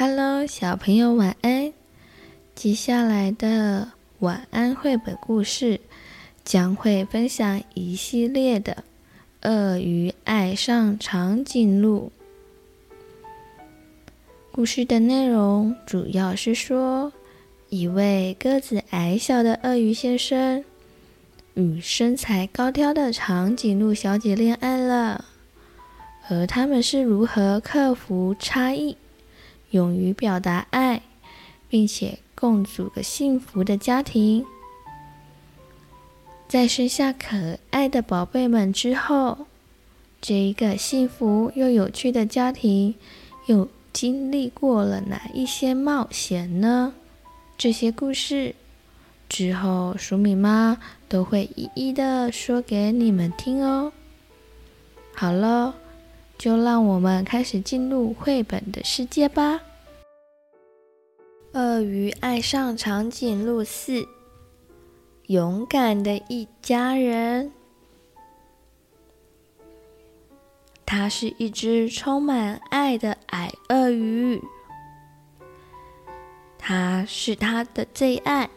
Hello，小朋友晚安。接下來的晚安繪本故事將會分享一系列的《鱷魚愛上長頸鹿》。故事的內容主要是說，一位個子矮小的鱷魚先生與身材高挑的長頸鹿小姐戀愛了，而他們是如何克服差異？勇於表達愛，並且共組個幸福的家庭，在生下可愛的寶貝們之後，這一個幸福又有趣的家庭又經歷過了哪一些冒險呢？這些故事之後，黍米媽都會一一的說給你們聽哦。好了，就讓我們開始進入繪本的世界吧。鱷魚愛上長頸鹿四，勇敢的一家人。它是一隻充滿愛的矮鱷魚。它是它的最愛，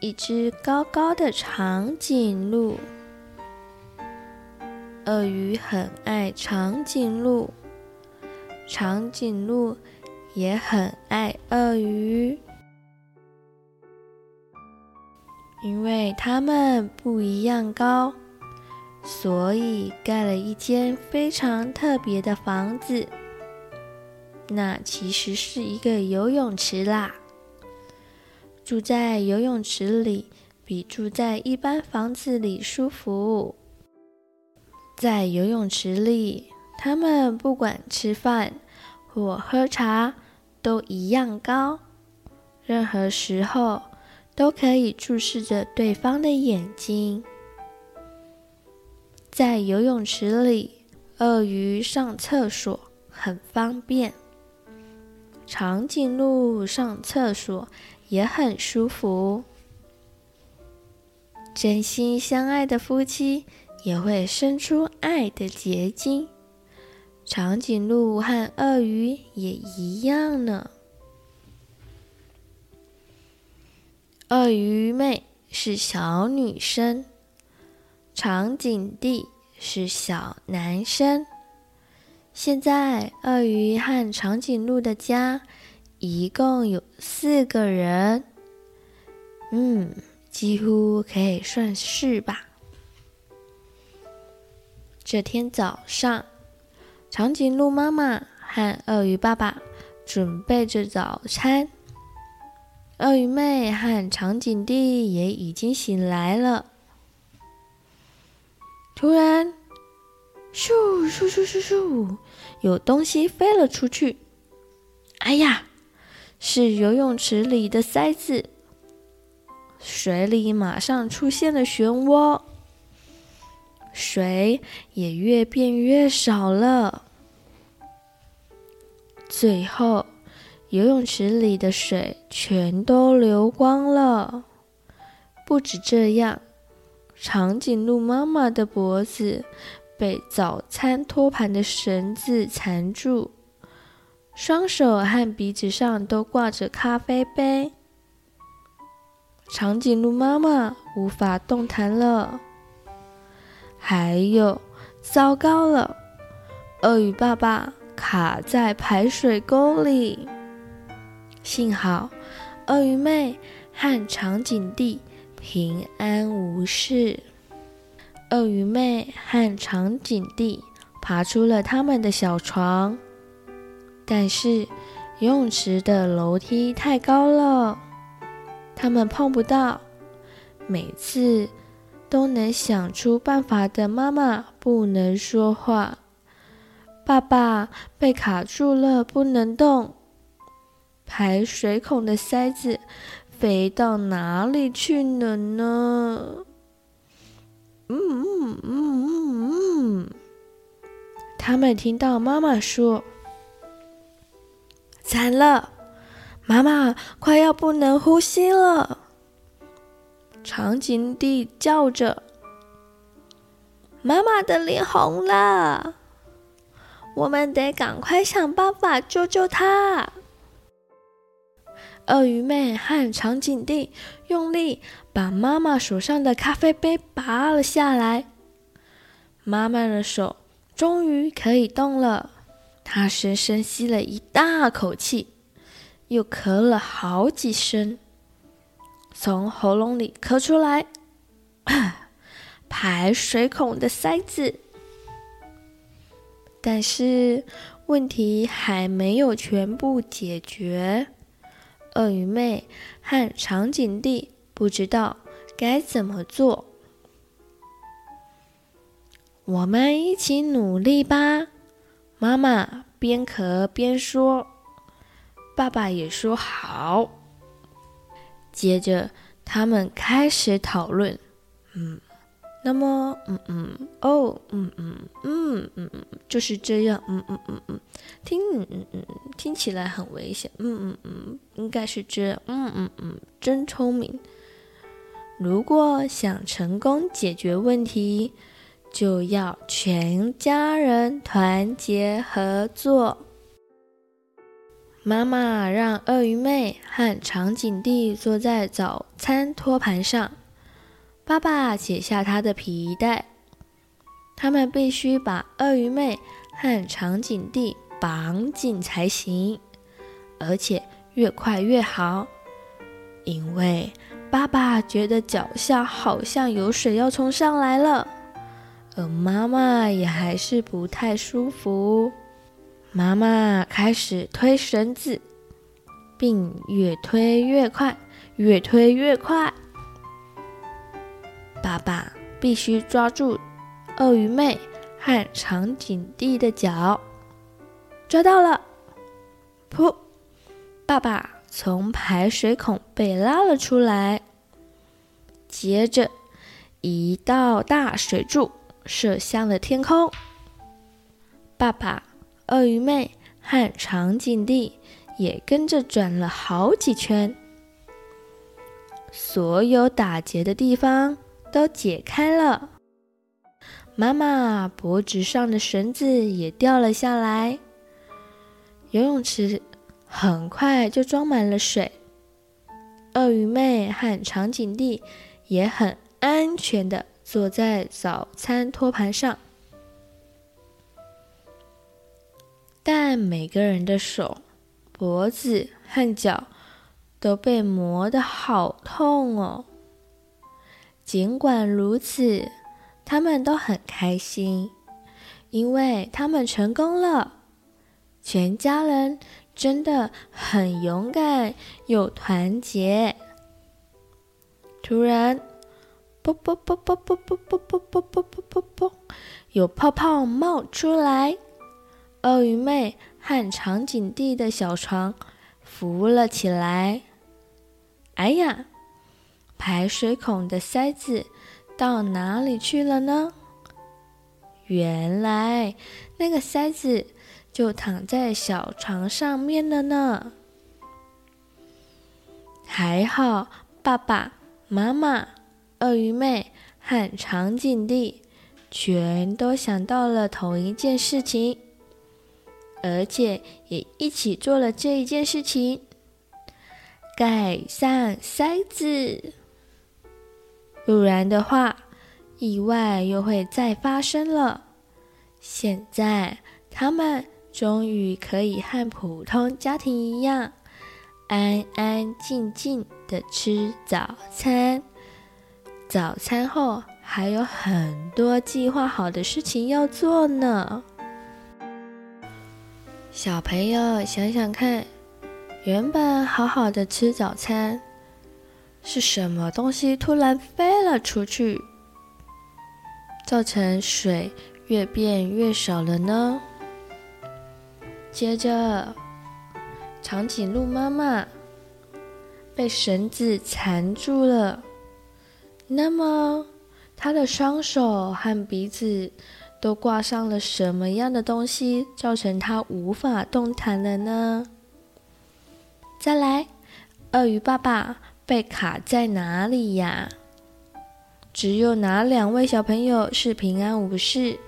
一隻高高的長頸鹿。鱷魚很愛長頸鹿，長頸鹿。也很愛鱷魚，因為它們不一樣高，所以蓋了一間非常特別的房子。那其實是一個游泳池啦，住在游泳池裡比住在一般房子裡舒服。在游泳池裡，他們不管吃飯或喝茶。都一樣高，任何時候都可以注視着對方的眼睛。在游泳池裡，鱷魚上廁所很方便，長頸鹿上廁所也很舒服。真心相愛的夫妻也會生出愛的結晶。長頸鹿和鱷魚也一樣呢。鱷魚妹是小女生，長頸弟是小男生。現在，鱷魚和長頸鹿的家一共有四個人。嗯，幾乎可以算是吧。這天早上。長頸鹿媽媽和鱷魚爸爸準備着早餐，鱷魚妹和長頸弟也已經醒來了。突然，咻咻咻咻咻，有東西飛了出去。哎呀，是游泳池裡的塞子，水裡馬上出現了漩渦。水也越變越少了，最後游泳池裡的水全都流光了。不止這樣，長頸鹿媽媽的脖子被早餐托盤的繩子纏住，雙手和鼻子上都掛着咖啡杯。長頸鹿媽媽無法動彈了。還有，糟糕了，鱷魚爸爸卡在排水溝裡。幸好，鱷魚妹和長頸弟平安無事。鱷魚妹和長頸弟爬出了他們的小床，但是游泳池的樓梯太高了，他們碰不到。每次都能想出辦法的，媽媽不能說話，爸爸被卡住了，不能動。排水孔的塞子飛到哪裡去了呢？嗯嗯嗯嗯嗯，他們聽到媽媽說：“慘了，媽媽快要不能呼吸了。”長頸弟叫着，媽媽的臉紅了。我們得趕快想辦法救救她。鱷魚妹和長頸弟用力把媽媽手上的咖啡杯拔了下來，媽媽的手終於可以動了。她深深吸了一大口氣，又咳了好幾聲。從喉嚨裡咳出來咳，排水孔的塞子。但是問題還沒有全部解決，鱷魚妹和長頸弟不知道該怎麼做。我們一起努力吧！媽媽邊咳邊說，爸爸也說好。接着，他們開始討論。嗯，那麼，嗯嗯，哦，嗯嗯嗯嗯嗯，就是這樣。嗯嗯嗯嗯，聽嗯嗯嗯聽起來很危險。嗯嗯嗯，應該是這樣。嗯嗯嗯，真聰明。如果想成功解決問題，就要全家人團結合作。媽媽讓鱷魚妹和長頸弟坐在早餐托盤上，爸爸解下他的皮帶，他們必須把鱷魚妹和長頸弟綁緊才行，而且越快越好，因為爸爸覺得腳下好像有水要沖上來了，而媽媽也還是不太舒服。媽媽開始推繩子，並越推越快，越推越快。爸爸必須抓住鱷魚妹和長頸弟的腳，抓到了！噗！爸爸從排水孔被拉了出來，接着一道大水柱射向了天空。爸爸。鱷魚妹和長頸弟也跟着轉了好幾圈，所有打結的地方都解開了，媽媽脖子上的繩子也掉了下來，游泳池很快就裝滿了水，鱷魚妹和長頸弟也很安全的坐在早餐托盤上。每個人的手、脖子和腳都被磨得好痛哦。儘管如此，他們都很開心，因為他們成功了。全家人真的很勇敢又團結。突然，啵啵啵啵啵啵啵啵啵啵啵啵，有泡泡冒出來。鱷魚妹和長頸弟的小床浮了起來。哎呀，排水孔的塞子到哪裡去了呢？原來那個塞子就躺在小床上面了呢。還好爸爸媽媽、鱷魚妹和長頸弟全都想到了同一件事情。而且也一起做了這一件事情，蓋上塞子，不然的話，意外又會再發生了。現在他們終於可以和普通家庭一樣，安安靜靜地吃早餐。早餐後還有很多計劃好的事情要做呢。小朋友，想想看，原本好好的吃早餐，是什麼東西突然飛了出去，造成水越變越少了呢？接着，長頸鹿媽媽被繩子纏住了，那麼她的雙手和鼻子。都掛上了什麼樣的東西，造成它無法動彈了呢？再來，鱷魚爸爸被卡在哪裡呀？只有哪兩位小朋友是平安無事？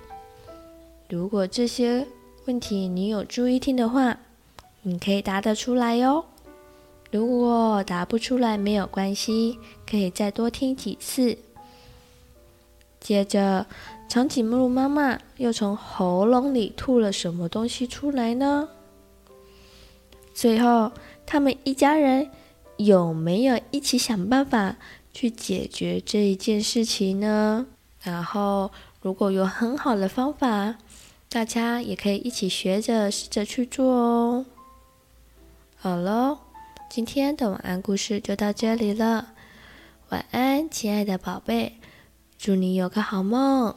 如果這些問題你有注意聽的話，你可以答得出來喲。如果答不出來沒有關係，可以再多聽幾次。接着。長頸鹿媽媽又從喉嚨裡吐了什麼東西出來呢？最後，他們一家人有沒有一起想辦法去解決這一件事情呢？然後，如果有很好的方法，大家也可以一起學着試着去做哦。好嘍，今天的晚安故事就到這裡了。晚安，親愛的寶貝，祝你有個好夢。